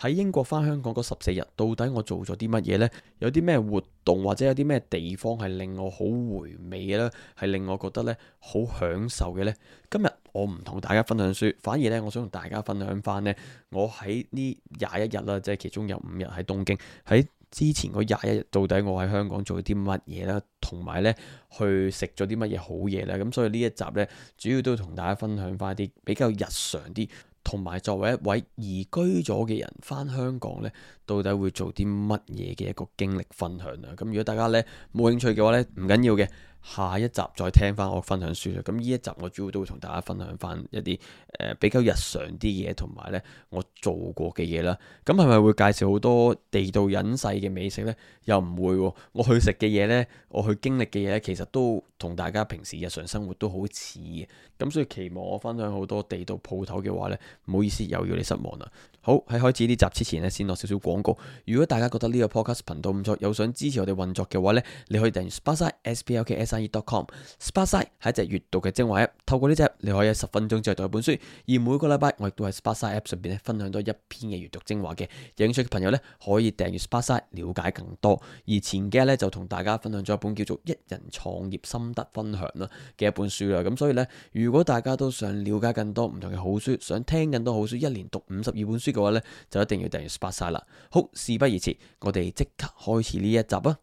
喺英國翻香港嗰十四日，到底我做咗啲乜嘢呢？有啲咩活動或者有啲咩地方係令我好回味嘅呢？係令我覺得呢好享受嘅呢？今日我唔同大家分享書，反而呢，我想同大家分享翻呢。我喺呢廿一日啦，即係其中有五日喺東京，喺之前嗰廿一日，到底我喺香港做咗啲乜嘢啦？同埋呢，去食咗啲乜嘢好嘢呢？咁所以呢一集呢，主要都同大家分享翻啲比較日常啲。同埋作為一位移居咗嘅人，返香港呢，到底會做啲乜嘢嘅一個經歷分享啊？咁如果大家呢冇興趣嘅話呢，唔緊要嘅。下一集再聽翻我分享書啦，咁呢一集我主要都會同大家分享翻一啲誒比較日常啲嘢，同埋呢我做過嘅嘢啦。咁係咪會介紹好多地道隱世嘅美食呢？又唔會，我去食嘅嘢呢，我去經歷嘅嘢呢，其實都同大家平時日常生活都好似嘅。咁所以期望我分享好多地道鋪頭嘅話呢，唔好意思又要你失望啦。好，喺開始呢集之前咧，先落少少廣告。如果大家覺得呢個 podcast 頻道唔錯，有想支持我哋運作嘅話咧，你可以訂閱 Sparksine S P A R K S I N E dot com。Sparksine 係一隻閲讀嘅精華 App，透過呢隻你可以喺十分鐘之內讀一本書。而每個禮拜我亦都喺 Sparksine App 上邊咧分享多一篇嘅閲讀精華嘅。有興趣嘅朋友呢，可以訂閱 Sparksine 了解更多。而前幾日呢，就同大家分享咗一本叫做《一人創業心得分享》啦嘅一本書啦。咁所以呢，如果大家都想了解更多唔同嘅好書，想聽更多好書，一年讀五十二本書。嘅話咧，就一定要訂閱曬啦。好，事不宜遲，我哋即刻開始呢一集啊！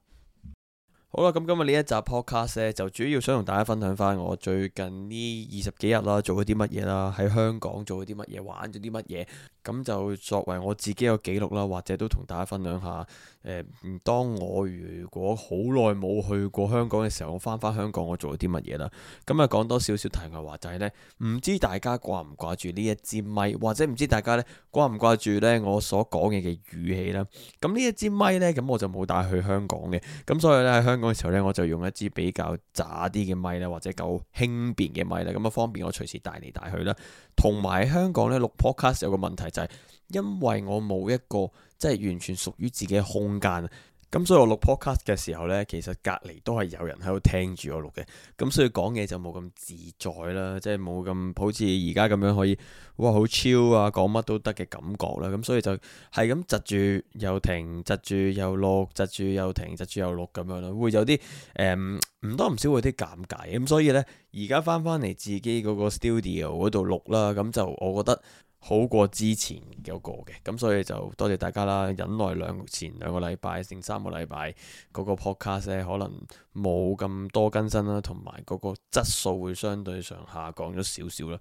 好啦，咁今日呢一集 podcast 就主要想同大家分享翻我最近呢二十幾日啦，做咗啲乜嘢啦，喺香港做咗啲乜嘢，玩咗啲乜嘢。咁就作為我自己嘅記錄啦，或者都同大家分享下。誒，當我如果好耐冇去過香港嘅時候，我返返香港，我做咗啲乜嘢啦？咁啊，講多少少題外話，就係呢：唔知大家掛唔掛住呢一支咪，或者唔知大家呢掛唔掛住呢我所講嘅嘅語氣啦。咁呢一支咪呢，咁我就冇帶去香港嘅。咁所以呢，喺香港嘅時候呢，我就用一支比較渣啲嘅咪啦，或者夠輕便嘅咪啦，咁啊方便我隨時帶嚟帶去啦。同埋香港咧，錄 Podcast 有個問題就係，因為我冇一個即係完全屬於自己嘅空間。咁所以我錄 podcast 嘅時候呢，其實隔籬都係有人喺度聽住我錄嘅，咁所以講嘢就冇咁自在啦，即係冇咁好似而家咁樣可以，哇好超啊，講乜都得嘅感覺啦，咁所以就係咁窒住又停，窒住又錄，窒住又停，窒住又錄咁樣咯，會有啲誒唔多唔少會有啲尷尬，咁所以呢，而家翻翻嚟自己嗰個 studio 嗰度錄啦，咁就我覺得。好過之前嗰個嘅，咁所以就多謝大家啦！忍耐兩前兩個禮拜，剩三個禮拜嗰個 podcast 可能冇咁多更新啦，同埋嗰個質素會相對上下降咗少少啦。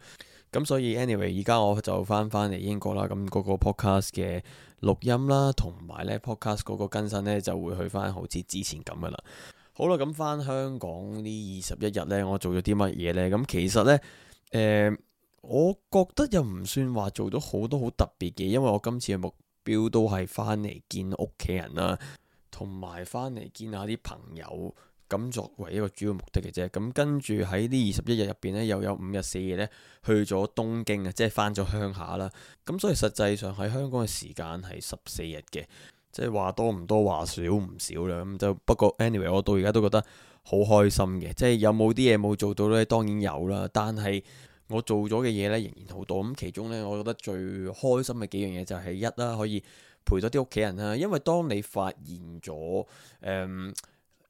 咁所以 anyway，而家我就翻返嚟英國啦，咁、那、嗰個 podcast 嘅錄音啦，同埋咧 podcast 嗰個更新咧就會去翻好似之前咁噶啦。好啦，咁翻香港呢二十一日咧，我做咗啲乜嘢咧？咁其實咧，誒、呃。我覺得又唔算話做到好多好特別嘅，因為我今次嘅目標都係翻嚟見屋企人啦，同埋翻嚟見下啲朋友，咁作為一個主要目的嘅啫。咁跟住喺呢二十一日入邊呢，又有五日四夜呢去咗東京啊，即係翻咗鄉下啦。咁所以實際上喺香港嘅時間係十四日嘅，即係話多唔多，話少唔少啦。咁就不過 anyway，我到而家都覺得好開心嘅，即係有冇啲嘢冇做到呢？當然有啦，但係。我做咗嘅嘢呢，仍然好多。咁其中呢，我覺得最開心嘅幾樣嘢就係、是、一啦，可以陪多啲屋企人啦。因為當你發現咗誒、呃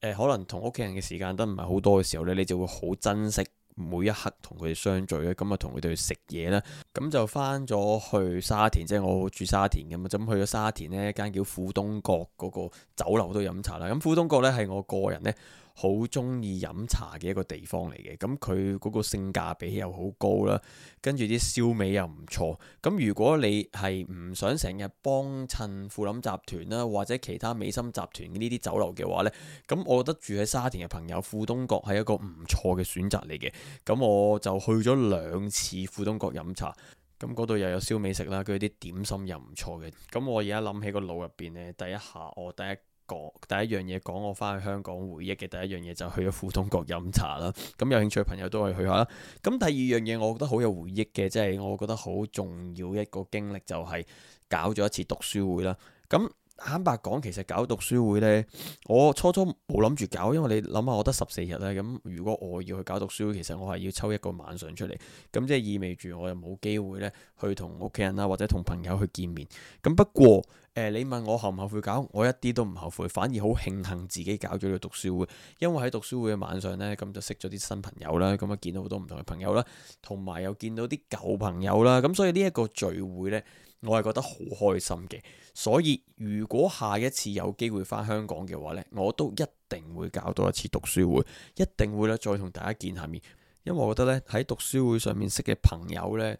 呃、可能同屋企人嘅時間都唔係好多嘅時候呢，你就會好珍惜每一刻同佢哋相聚咁啊，同佢哋食嘢啦。咁就翻咗去沙田，即、就、係、是、我住沙田嘅嘛。咁去咗沙田咧，一間叫富東閣嗰個酒樓度飲茶啦。咁富東閣呢，係我個人呢，好中意飲茶嘅一個地方嚟嘅，咁佢嗰個性價比又好高啦，跟住啲燒味又唔錯。咁如果你係唔想成日幫襯富臨集團啦，或者其他美心集團呢啲酒樓嘅話呢，咁我覺得住喺沙田嘅朋友，富東閣係一個唔錯嘅選擇嚟嘅。咁我就去咗兩次富東閣飲茶，咁嗰度又有燒味食啦，佢啲點心又唔錯嘅。咁我而家諗起個腦入邊呢，第一下我、哦、第一。講第一樣嘢，講我翻去香港回憶嘅第一樣嘢就去咗富通閣飲茶啦。咁有興趣嘅朋友都可以去下啦。咁第二樣嘢，我覺得好有回憶嘅，即係我覺得好重要一個經歷，就係搞咗一次讀書會啦。咁坦白講，其實搞讀書會呢，我初初冇諗住搞，因為你諗下，我得十四日咧。咁如果我要去搞讀書會，其實我係要抽一個晚上出嚟，咁即係意味住我又冇機會呢去同屋企人啊，或者同朋友去見面。咁不過。誒、呃，你問我後唔後悔搞，我一啲都唔後悔，反而好慶幸自己搞咗個讀書會，因為喺讀書會嘅晚上呢，咁、嗯、就識咗啲新朋友啦，咁、嗯、啊見到好多唔同嘅朋友啦，同埋又見到啲舊朋友啦，咁、嗯、所以呢一個聚會呢，我係覺得好開心嘅。所以如果下一次有機會翻香港嘅話呢，我都一定會搞多一次讀書會，一定會咧再同大家見下面，因為我覺得呢，喺讀書會上面識嘅朋友呢。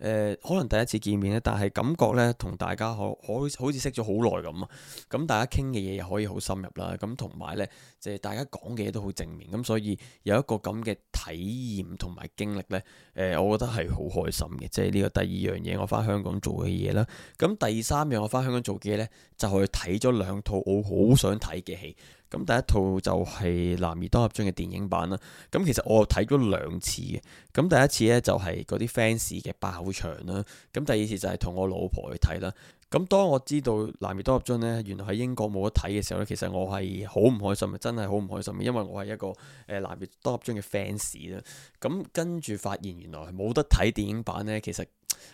誒、呃、可能第一次見面咧，但係感覺咧同大家可可好似識咗好耐咁啊！咁大家傾嘅嘢又可以好深入啦。咁同埋咧，即、就、係、是、大家講嘅嘢都好正面。咁所以有一個咁嘅體驗同埋經歷咧，誒、呃，我覺得係好開心嘅。即係呢個第二樣嘢，我返香港做嘅嘢啦。咁第三樣我返香港做嘅嘢咧，就係睇咗兩套我好想睇嘅戲。咁第一套就係、是《男兒當入樽》嘅電影版啦。咁其實我睇咗兩次嘅。咁第一次呢就係嗰啲 fans 嘅爆場啦。咁第二次就係同我老婆去睇啦。咁當我知道《男兒當入樽》咧，原來喺英國冇得睇嘅時候咧，其實我係好唔開心，真係好唔開心，因為我係一個誒、呃《男兒當入樽》嘅 fans 啦。咁跟住發現原來冇得睇電影版咧，其實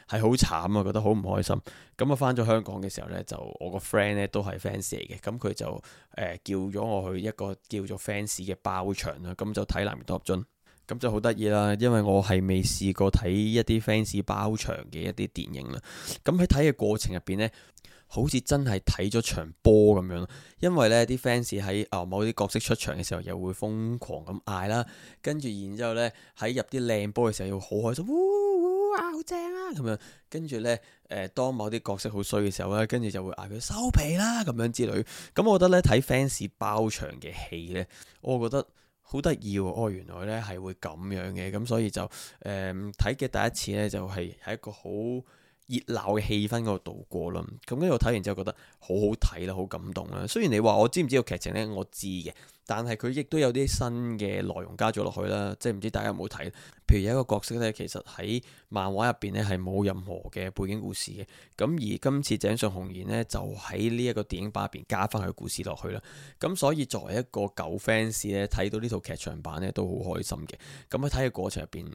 係好慘啊，覺得好唔開心。咁、嗯、啊，返咗香港嘅時候咧，就我個 friend 咧都係 fans 嚟嘅，咁、嗯、佢就誒、呃、叫咗我去一個叫做 fans 嘅包場啦，咁就睇《男兒當入樽》。咁就好得意啦，因為我係未試過睇一啲 fans 包場嘅一啲電影啦。咁喺睇嘅過程入邊呢，好似真係睇咗場波咁樣。因為呢啲 fans 喺某啲角色出場嘅時候，又會瘋狂咁嗌啦。跟住然之後呢，喺入啲靚波嘅時候，會好開心嗚嗚，哇！好正啊咁樣。跟住呢，誒，當某啲角色好衰嘅時候呢，跟住就會嗌佢收皮啦咁樣之類。咁我覺得呢，睇 fans 包場嘅戲呢，我覺得。好得意喎！哦，原來呢係會咁樣嘅，咁、嗯、所以就誒睇嘅第一次呢，就係、係、係一個好熱鬧嘅氣氛嗰度度過啦，咁跟住睇完之後覺得好好睇啦，好感動啦。雖然你話我知唔知個劇情呢，我知嘅，但係佢亦都有啲新嘅內容加咗落去啦。即係唔知大家有冇睇？譬如有一個角色呢，其實喺漫畫入邊呢係冇任何嘅背景故事嘅，咁而今次井上雄彥呢，就喺呢一個電影版入邊加翻佢故事落去啦。咁所以作為一個舊 fans 咧，睇到呢套劇場版呢都好開心嘅。咁喺睇嘅過程入邊，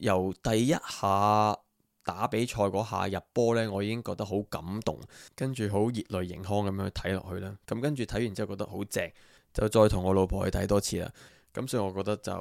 由第一下。打比賽嗰下入波呢，我已經覺得好感動，跟住好熱淚盈眶咁樣去睇落去啦。咁跟住睇完之後覺得好正，就再同我老婆去睇多次啦。咁所以我覺得就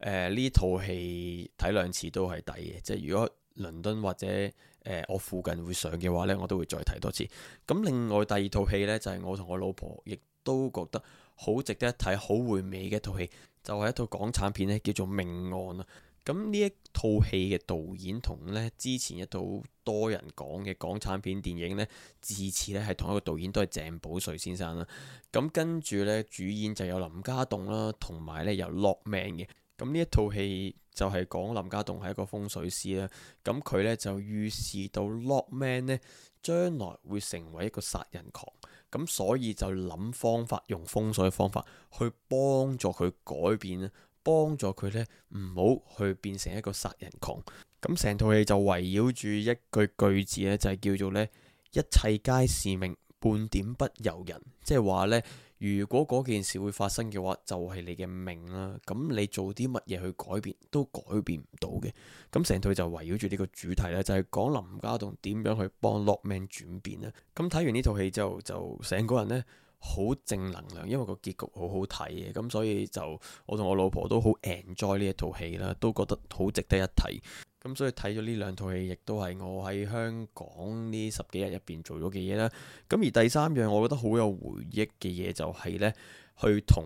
誒呢套戲睇兩次都係抵嘅。即係如果倫敦或者誒、呃、我附近會上嘅話呢，我都會再睇多次。咁另外第二套戲呢，就係我同我老婆亦都覺得好值得一睇，好回味嘅一套戲，就係一套港產片呢，叫做《命案》啊。咁呢一套戲嘅導演同呢之前一套多人講嘅港產片電影呢，自此呢係同一個導演都係鄭保瑞先生啦。咁跟住呢，主演就有林家棟啦，同埋呢有 Lockman 嘅。咁呢一套戲就係講林家棟係一個風水師啦。咁佢呢就預示到 Lockman 呢將來會成為一個殺人狂，咁所以就諗方法用風水方法去幫助佢改變。幫助佢咧，唔好去變成一個殺人狂。咁成套戲就圍繞住一句句子咧，就係叫做呢：「一切皆是命，半點不由人」。即係話呢，如果嗰件事會發生嘅話，就係你嘅命啦。咁你做啲乜嘢去改變，都改變唔到嘅。咁成套就圍繞住呢個主題咧，就係講林家棟點樣去幫 Lockman 轉變啦。咁睇完呢套戲之後，就成個人呢。好正能量，因為個結局好好睇嘅，咁所以就我同我老婆都好 enjoy 呢一套戲啦，都覺得好值得一睇。咁所以睇咗呢兩套戲，亦都係我喺香港呢十幾日入邊做咗嘅嘢啦。咁而第三樣我覺得好有回憶嘅嘢，就係呢：去同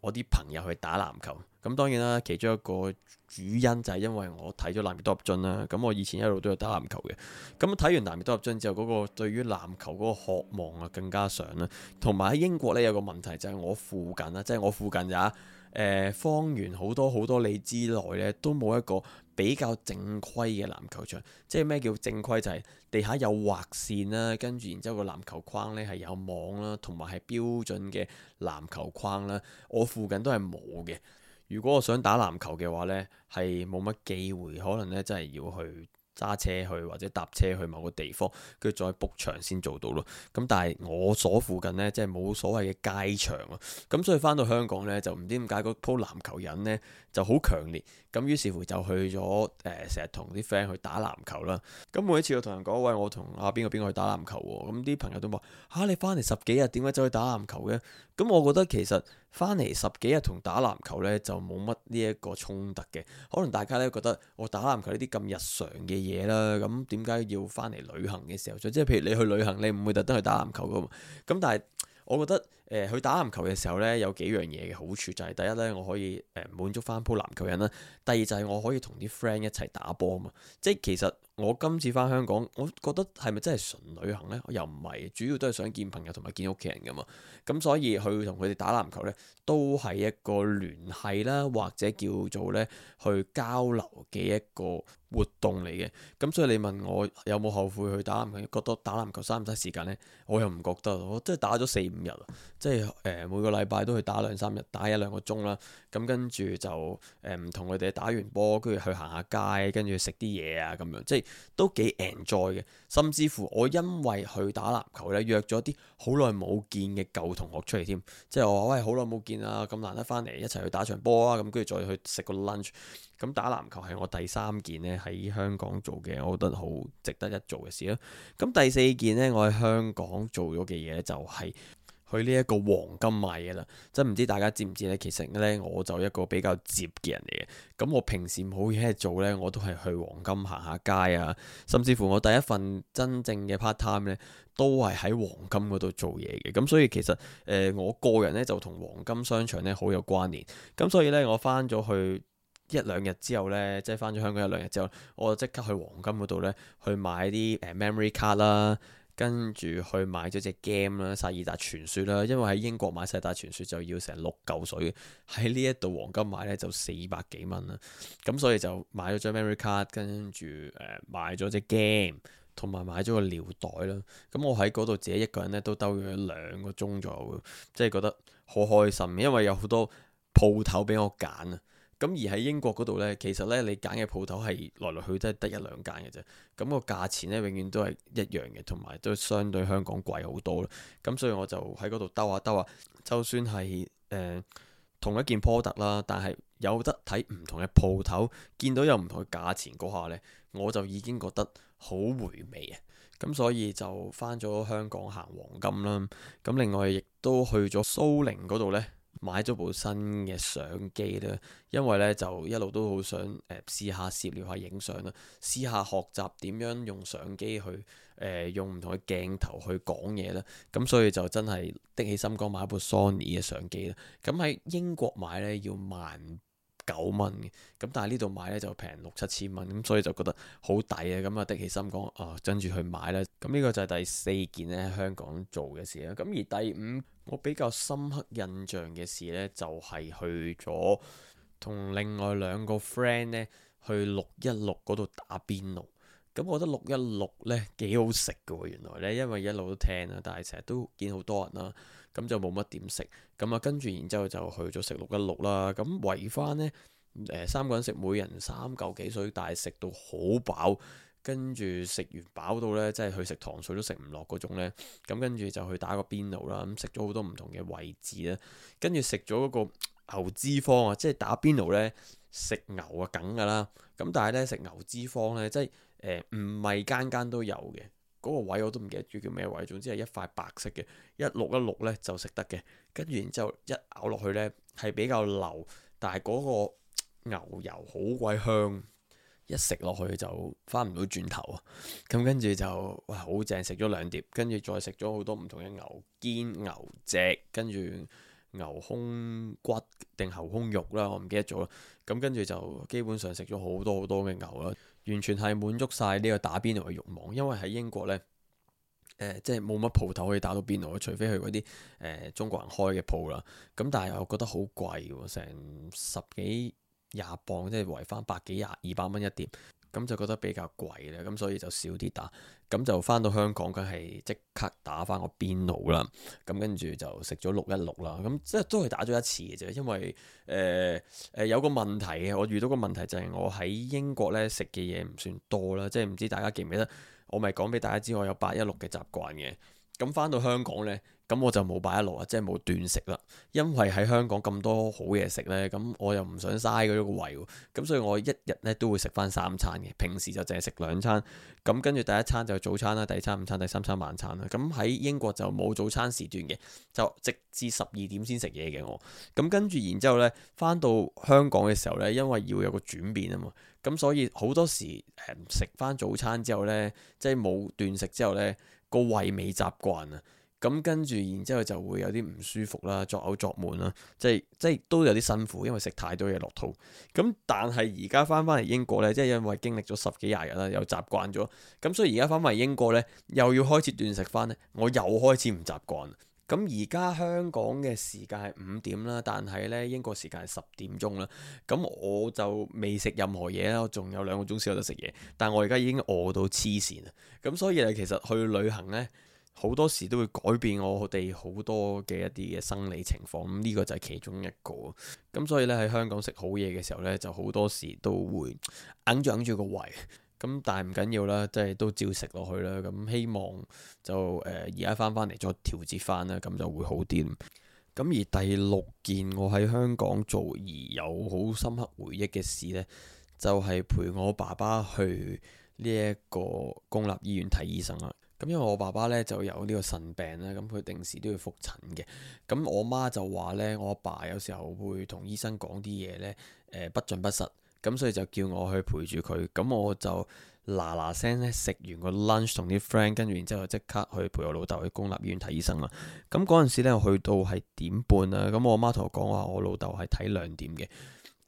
我啲朋友去打籃球。咁當然啦，其中一個主因就係因為我睇咗《男兒當入樽》啦。咁我以前一路都有打籃球嘅。咁睇完《男兒當入樽》之後，嗰、那個對於籃球嗰個渴望啊更加上啦。同埋喺英國咧有個問題就係、是、我附近啦，即、就、係、是、我附近呀，誒、呃，方圓好多好多里之內咧都冇一個比較正規嘅籃球場。即係咩叫正規？就係、是、地下有劃線啦，跟住然之後個籃球框咧係有網啦，同埋係標準嘅籃球框啦。我附近都係冇嘅。如果我想打籃球嘅話呢，係冇乜機會，可能呢，真係要去揸車去或者搭車去某個地方，跟住再 book 場先做到咯。咁但係我所附近呢，即係冇所謂嘅街場啊。咁所以返到香港呢，就唔知點解嗰鋪籃球人呢，就好強烈，咁於是乎就去咗誒，成日同啲 friend 去打籃球啦。咁每一次我同人講，喂，我同阿邊個邊個去打籃球喎、啊。咁啲朋友都話：吓、啊，你翻嚟十幾日，點解走去打籃球嘅？咁我覺得其實翻嚟十幾日同打籃球呢就冇乜呢一個衝突嘅。可能大家呢覺得我打籃球呢啲咁日常嘅嘢啦，咁點解要翻嚟旅行嘅時候再？即係譬如你去旅行，你唔會特登去打籃球噶嘛。咁但係我覺得。誒去、呃、打籃球嘅時候呢，有幾樣嘢嘅好處，就係、是、第一呢，我可以誒、呃、滿足翻鋪籃球人啦；第二就係我可以同啲 friend 一齊打波啊嘛。即係其實我今次翻香港，我覺得係咪真係純旅行呢？又唔係，主要都係想見朋友同埋見屋企人噶嘛。咁所以去同佢哋打籃球呢，都係一個聯繫啦，或者叫做呢，去交流嘅一個活動嚟嘅。咁所以你問我有冇後悔去打籃球，覺得打籃球嘥唔嘥時間呢？我又唔覺得，我真係打咗四五日即係誒每個禮拜都去打兩三日，打一兩個鐘啦。咁跟住就誒，唔同佢哋打完波，跟住去行下街，跟住食啲嘢啊，咁樣即係都幾 enjoy 嘅。甚至乎我因為去打籃球呢，約咗啲好耐冇見嘅舊同學出嚟添。即係我話喂，好耐冇見啊，咁難得翻嚟一齊去打場波啊，咁跟住再去食個 lunch。咁、嗯、打籃球係我第三件呢喺香港做嘅，我覺得好值得一做嘅事啦。咁第四件呢，我喺香港做咗嘅嘢呢就係、是。去呢一個黃金買嘢啦，真唔知大家知唔知呢？其實呢，我就一個比較接嘅人嚟嘅。咁我平時冇嘢做呢，我都係去黃金行下街啊。甚至乎我第一份真正嘅 part time 呢，都係喺黃金嗰度做嘢嘅。咁所以其實誒、呃，我個人呢，就同黃金商場呢好有關聯。咁所以呢，我返咗去一兩日之後呢，即係返咗香港一兩日之後，我就即刻去黃金嗰度呢，去買啲誒 memory card 啦。跟住去買咗隻 game 啦，《薩爾達傳說》啦，因為喺英國買《薩爾達傳說》就要成六嚿水，喺呢一度黃金買呢就四百幾蚊啦。咁所以就買咗張 memory card，跟住誒、呃、買咗隻 game，同埋買咗個尿袋啦。咁我喺嗰度自己一個人呢都兜咗兩個鐘左右，即係覺得好開心，因為有好多鋪頭俾我揀啊！咁而喺英國嗰度呢，其實呢，你揀嘅鋪頭係來來去都係得一兩間嘅啫，咁個價錢呢，永遠都係一樣嘅，同埋都相對香港貴好多啦。咁所以我就喺嗰度兜下兜下，就算係誒、呃、同一件 product 啦，但係有得睇唔同嘅鋪頭，見到有唔同嘅價錢嗰下呢，我就已經覺得好回味啊！咁所以就返咗香港行黃金啦。咁另外亦都去咗蘇寧嗰度呢。買咗部新嘅相機啦，因為呢就一路都好想誒試、呃、下攝錄下影相啦，試下學習點樣用相機去、呃、用唔同嘅鏡頭去講嘢啦，咁所以就真係的起心肝買一部 Sony 嘅相機啦，咁喺英國買呢，要萬九蚊嘅，咁但係呢度買呢就平六七千蚊，咁所以就覺得好抵啊！咁啊的起心肝啊，跟、哦、住去買啦。咁呢個就係第四件呢香港做嘅事啦。咁而第五，我比較深刻印象嘅事呢，就係、是、去咗同另外兩個 friend 呢去六一六嗰度打邊爐。咁我覺得六一六呢幾好食嘅喎，原來呢，因為一路都聽啦，但係成日都見好多人啦，咁、嗯、就冇乜點食咁啊。跟住然之後就去咗食六一六啦。咁、嗯、圍翻呢，三、呃、個人食，每人三嚿幾水，但係食到好飽。跟住食完飽到呢，即係去食糖水都食唔落嗰種呢。咁跟住就去打個邊爐啦。咁食咗好多唔同嘅位置呢，跟住食咗嗰個牛脂肪啊，即係打邊爐呢，食牛啊梗㗎啦。咁但係呢，食牛脂肪呢，即係。誒唔係間間都有嘅，嗰個位我都唔記得住叫咩位，總之係一塊白色嘅，一碌一碌呢就食得嘅，跟住然之後一咬落去呢，係比較流，但係嗰個牛油好鬼香，一食落去就翻唔到轉頭啊！咁跟住就哇好正，食咗兩碟，跟住再食咗好多唔同嘅牛肩、牛脊，跟住。牛胸骨定牛胸肉啦，我唔記得咗啦。咁跟住就基本上食咗好多好多嘅牛啦，完全係滿足晒呢個打邊爐嘅慾望。因為喺英國呢，呃、即係冇乜鋪頭可以打到邊爐，除非去嗰啲誒中國人開嘅鋪啦。咁但係我覺得好貴喎，成十幾廿鎊，即係圍返百幾廿二百蚊一碟。咁、嗯、就覺得比較貴咧，咁、嗯、所以就少啲打。咁、嗯、就翻到香港，佢係即刻打翻個邊爐啦。咁跟住就食咗六一六啦。咁即係都係打咗一次嘅啫，因為誒誒、呃呃、有個問題嘅，我遇到個問題就係我喺英國咧，食嘅嘢唔算多啦，即係唔知大家記唔記得，我咪講俾大家知我有八一六嘅習慣嘅。咁、嗯、翻到香港咧。咁我就冇擺一路啊，即係冇斷食啦。因為喺香港咁多好嘢食呢，咁我又唔想嘥嗰個胃，咁所以我一日呢都會食翻三餐嘅。平時就淨係食兩餐，咁跟住第一餐就早餐啦，第二餐午餐，第三餐晚餐啦。咁喺英國就冇早餐時段嘅，就直至十二點先食嘢嘅我。咁跟住然之後呢，翻到香港嘅時候呢，因為要有個轉變啊嘛，咁所以好多時食翻、嗯、早餐之後呢，即係冇斷食之後呢個胃未習慣啊。咁跟住，然之後就會有啲唔舒服啦，作嘔作悶啦，即係即係都有啲辛苦，因為食太多嘢落肚。咁但係而家翻返嚟英國呢，即係因為經歷咗十幾廿日啦，又習慣咗。咁所以而家翻返嚟英國呢，又要開始斷食翻呢，我又開始唔習慣。咁而家香港嘅時間係五點啦，但係呢英國時間係十點鐘啦。咁我就未食任何嘢啦，仲有兩個鐘先有得食嘢，但我而家已經餓到黐線啦。咁所以其實去旅行呢，好多時都會改變我哋好多嘅一啲嘅生理情況，咁呢個就係其中一個。咁所以呢，喺香港食好嘢嘅時候呢，就好多時都會硬住硬住個胃。咁但係唔緊要啦，即係都照食落去啦。咁希望就誒而家翻翻嚟再調節翻啦，咁就會好啲。咁而第六件我喺香港做而有好深刻回憶嘅事呢，就係陪我爸爸去呢一個公立醫院睇醫生啦。咁因為我爸爸咧就有呢個腎病啦，咁、嗯、佢定時都要覆診嘅。咁我媽就話咧，我阿爸，爸有時候會同醫生講啲嘢咧，誒、呃、不盡不實，咁、嗯、所以就叫我去陪住佢。咁、嗯、我就嗱嗱聲咧食完個 lunch，同啲 friend 跟住，然之後即刻去陪我老豆去公立醫院睇醫生啦。咁嗰陣時咧去到係點半啦，咁、嗯、我媽同我講話，我老豆係睇兩點嘅。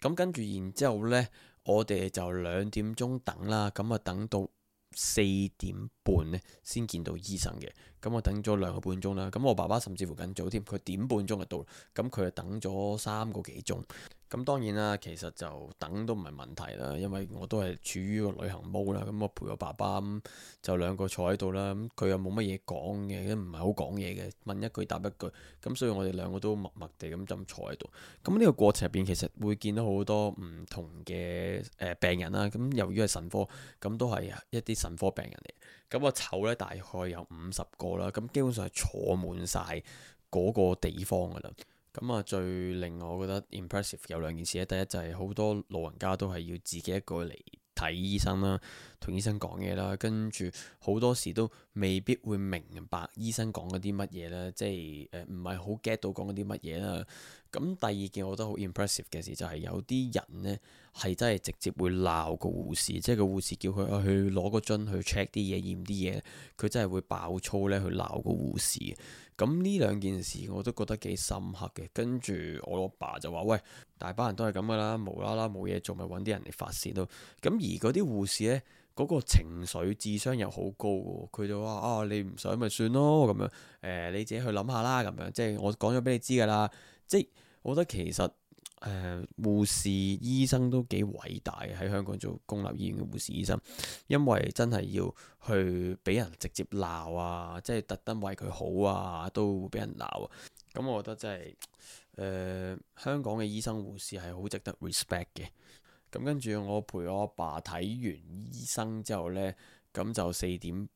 咁跟住然之後咧，我哋就兩點鐘等啦，咁啊等到四點。半咧先見到醫生嘅，咁我等咗兩個半鐘啦。咁我爸爸甚至乎更早添，佢點半鐘就到，咁佢就等咗三個幾鐘。咁當然啦，其實就等都唔係問題啦，因為我都係處於個旅行模式啦。咁我陪我爸爸咁就兩個坐喺度啦。咁佢又冇乜嘢講嘅，唔係好講嘢嘅，問一句答一句。咁所以我哋兩個都默默地咁就坐喺度。咁呢個過程入邊其實會見到好多唔同嘅誒病人啦。咁由於係腎科，咁都係一啲腎科病人嚟。咁啊，籌咧大概有五十個啦，咁基本上係坐滿晒嗰個地方㗎啦。咁啊，最令我覺得 impressive 有兩件事咧，第一就係好多老人家都係要自己一個嚟。睇醫生啦，同醫生講嘢啦，跟住好多時都未必會明白醫生講嗰啲乜嘢呢，即係誒唔係好 get 到講嗰啲乜嘢啦。咁第二件我覺得好 impressive 嘅事就係有啲人呢，係真係直接會鬧個護士，即係個護士叫佢去攞個樽去 check 啲嘢驗啲嘢，佢真係會爆粗呢去鬧個護士。咁呢兩件事我都覺得幾深刻嘅，跟住我老爸就話：喂，大班人都係咁噶啦，無啦啦冇嘢做，咪揾啲人嚟發洩咯。咁而嗰啲護士呢，嗰個情緒智商又好高，佢就話：啊，你唔想咪算咯，咁樣，誒，你自己去諗下啦，咁樣，即係我講咗俾你知噶啦。即係我覺得其實。誒護士、醫生都幾偉大，喺香港做公立醫院嘅護士、醫生，因為真係要去俾人直接鬧啊，即係特登為佢好啊，都會俾人鬧啊。咁我覺得真係、呃、香港嘅醫生、護士係好值得 respect 嘅。咁跟住我陪我爸睇完醫生之後呢，咁就四點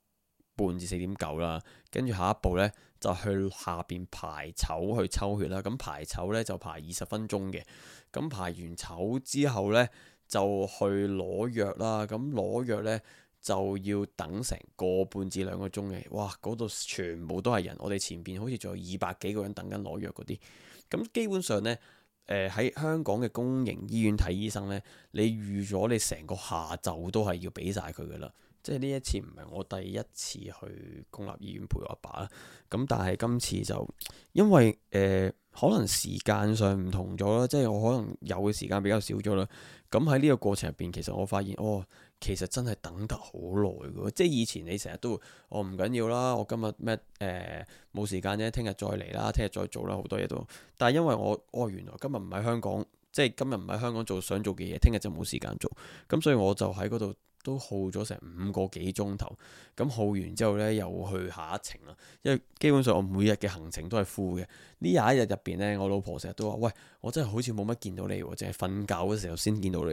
半至四點九啦，跟住下一步呢，就去下邊排籌去抽血啦。咁排籌呢，就排二十分鐘嘅。咁排完籌之後呢，就去攞藥啦。咁攞藥呢，就要等成個半至兩個鐘嘅。哇！嗰度全部都係人，我哋前邊好似仲有二百幾個人等緊攞藥嗰啲。咁基本上呢，誒、呃、喺香港嘅公營醫院睇醫生呢，你預咗你成個下晝都係要俾晒佢噶啦。即係呢一次唔係我第一次去公立醫院陪我爸啦，咁但係今次就因為誒、呃、可能時間上唔同咗啦，即係我可能有嘅時間比較少咗啦。咁喺呢個過程入邊，其實我發現哦，其實真係等得好耐㗎。即係以前你成日都會，我唔緊要啦，我今日咩誒冇時間啫，聽日再嚟啦，聽日再做啦，好多嘢都。但係因為我哦原來今日唔喺香港，即係今日唔喺香港做想做嘅嘢，聽日就冇時間做。咁所以我就喺嗰度。都耗咗成五個幾鐘頭，咁耗完之後呢，又去下一程啦。因為基本上我每日嘅行程都係 full 嘅。呢廿一日入邊呢，我老婆成日都話，喂，我真係好似冇乜見到你，淨係瞓覺嘅時候先見到你。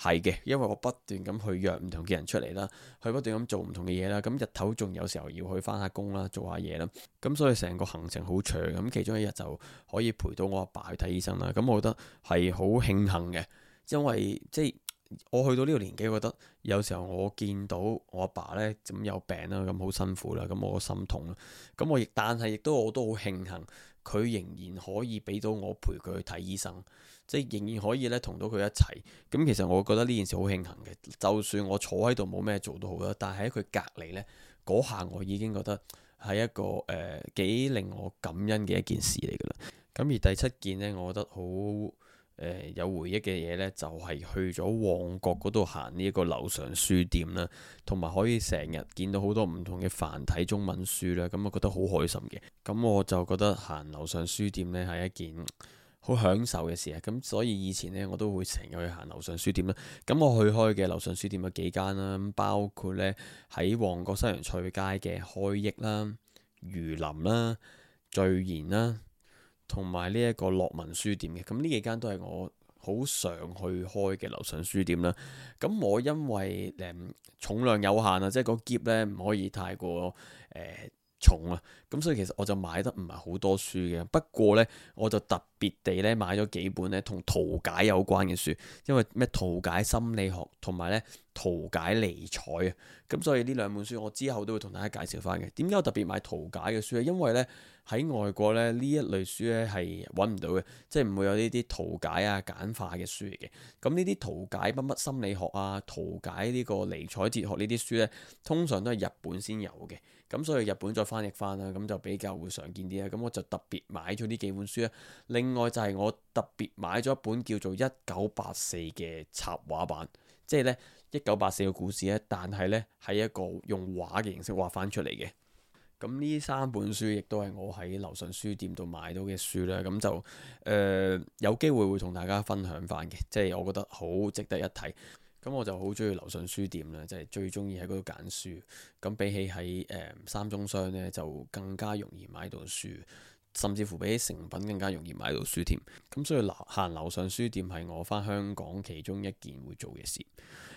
係嘅，因為我不斷咁去約唔同嘅人出嚟啦，去不斷咁做唔同嘅嘢啦。咁日頭仲有時候要去翻下工啦，做下嘢啦。咁所以成個行程好長。咁其中一日就可以陪到我阿爸去睇醫生啦。咁我覺得係好慶幸嘅，因為即係。我去到呢個年紀，覺得有時候，我見到我阿爸呢，咁有病啦，咁好辛苦啦，咁我心痛啦。咁我亦但係亦都我都好慶幸，佢仍然可以俾到我陪佢去睇醫生，即係仍然可以呢，同到佢一齊。咁其實我覺得呢件事好慶幸嘅，就算我坐喺度冇咩做都好啦。但係喺佢隔籬呢，嗰下，我已經覺得係一個誒幾、呃、令我感恩嘅一件事嚟噶啦。咁而第七件呢，我覺得好。呃、有回憶嘅嘢呢，就係、是、去咗旺角嗰度行呢一個樓上書店啦，同埋可以成日見到好多唔同嘅繁體中文書啦，咁我覺得好開心嘅。咁我就覺得行樓上書店呢係一件好享受嘅事啊。咁所以以前呢，我都會成日去行樓上書店啦。咁我去開嘅樓上書店有幾間啦，包括呢喺旺角西洋菜街嘅開益啦、儒林啦、聚賢啦。同埋呢一個樂文書店嘅，咁呢幾間都係我好常去開嘅樓上書店啦。咁我因為誒、呃、重量有限啊，即係個篋咧唔可以太過誒、呃、重啊，咁所以其實我就買得唔係好多書嘅。不過呢，我就特別地咧買咗幾本咧同圖解有關嘅書，因為咩圖解心理學同埋咧圖解尼采啊。咁所以呢兩本書我之後都會同大家介紹翻嘅。點解我特別買圖解嘅書咧？因為呢。喺外國咧，呢一類書咧係揾唔到嘅，即係唔會有呢啲圖解啊簡化嘅書嚟嘅。咁呢啲圖解乜乜心理學啊，圖解呢個尼采哲學呢啲書咧，通常都係日本先有嘅。咁所以日本再翻譯翻啦，咁就比較會常見啲啦。咁我就特別買咗呢幾本書啦。另外就係我特別買咗一本叫做《一九八四》嘅插畫版，即係咧一九八四個故事咧，但係咧係一個用畫嘅形式畫翻出嚟嘅。咁呢三本書亦都係我喺樓上書店度買到嘅書咧，咁就誒、呃、有機會會同大家分享翻嘅，即係我覺得好值得一睇。咁我就好中意樓上書店啦，即係最中意喺嗰度揀書。咁比起喺誒、呃、三中商呢，就更加容易買到書，甚至乎比起誠品更加容易買到書添。咁所以行樓上書店係我翻香港其中一件會做嘅事。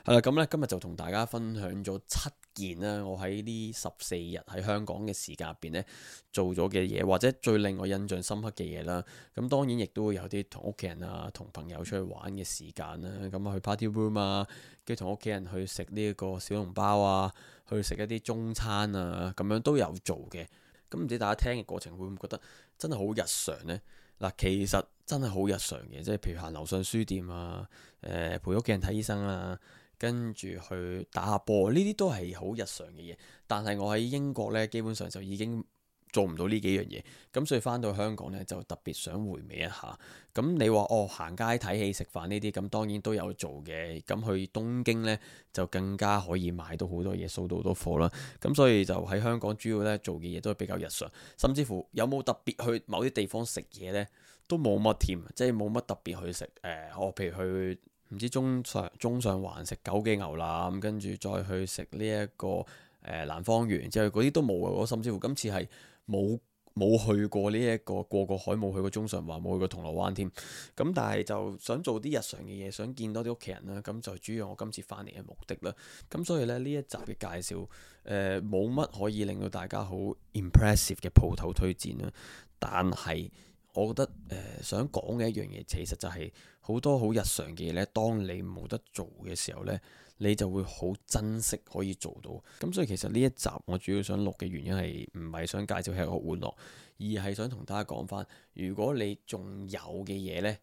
咁咧今日就同大家分享咗七件啦，我喺呢十四日喺香港嘅時間入邊咧做咗嘅嘢，或者最令我印象深刻嘅嘢啦。咁當然亦都會有啲同屋企人啊、同朋友出去玩嘅時間啦。咁啊去 party room 啊，跟住同屋企人去食呢個小籠包啊，去食一啲中餐啊，咁樣都有做嘅。咁唔知大家聽嘅過程會唔會覺得真係好日常呢？嗱，其實真係好日常嘅，即係譬如行樓上書店啊，誒陪屋企人睇醫生啊。跟住去打下波，呢啲都係好日常嘅嘢。但係我喺英國呢基本上就已經做唔到呢幾樣嘢。咁所以翻到香港呢，就特別想回味一下。咁你話哦，行街睇戲食飯呢啲，咁當然都有做嘅。咁去東京呢，就更加可以買到好多嘢，掃到好多貨啦。咁所以就喺香港主要呢做嘅嘢都係比較日常。甚至乎有冇特別去某啲地方食嘢呢？都冇乜添，即係冇乜特別去食。誒、呃，我譬如去。唔知，中上中上環食九記牛腩，跟住再去食呢一個誒、呃、南方園，之後嗰啲都冇啊！我甚至乎今次係冇冇去過呢、這、一個過過海，冇去過中上環，冇去過銅鑼灣添。咁但係就想做啲日常嘅嘢，想見多啲屋企人啦。咁就主要我今次翻嚟嘅目的啦。咁所以咧，呢一集嘅介紹，誒冇乜可以令到大家好 impressive 嘅鋪頭推薦啦。但係我覺得誒、呃、想講嘅一樣嘢，其實就係、是。好多好日常嘅嘢呢，當你冇得做嘅時候呢，你就會好珍惜可以做到。咁所以其實呢一集我主要想錄嘅原因係唔係想介紹吃喝玩樂，而係想同大家講翻，如果你仲有嘅嘢呢，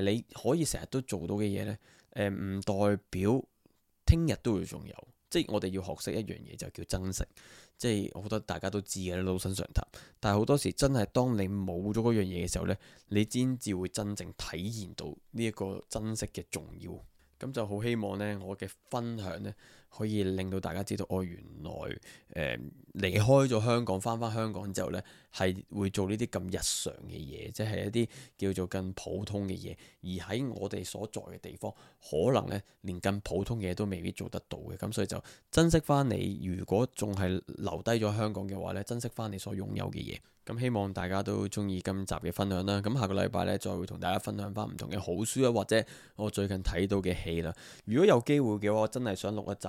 你可以成日都做到嘅嘢呢，唔代表聽日都會仲有。即我哋要學識一樣嘢就叫珍惜，即係我覺得大家都知嘅老生常談。但係好多時真係當你冇咗嗰樣嘢嘅時候呢，你先至會真正體驗到呢一個珍惜嘅重要。咁就好希望呢，我嘅分享呢。可以令到大家知道，我原來誒、呃、離開咗香港，翻返香港之後呢，係會做呢啲咁日常嘅嘢，即係一啲叫做更普通嘅嘢。而喺我哋所在嘅地方，可能呢，連更普通嘅嘢都未必做得到嘅。咁所以就珍惜翻你，如果仲係留低咗香港嘅話呢，珍惜翻你所擁有嘅嘢。咁希望大家都中意今集嘅分享啦。咁下個禮拜呢，再會同大家分享翻唔同嘅好書啊，或者我最近睇到嘅戲啦。如果有機會嘅話，我真係想錄一集。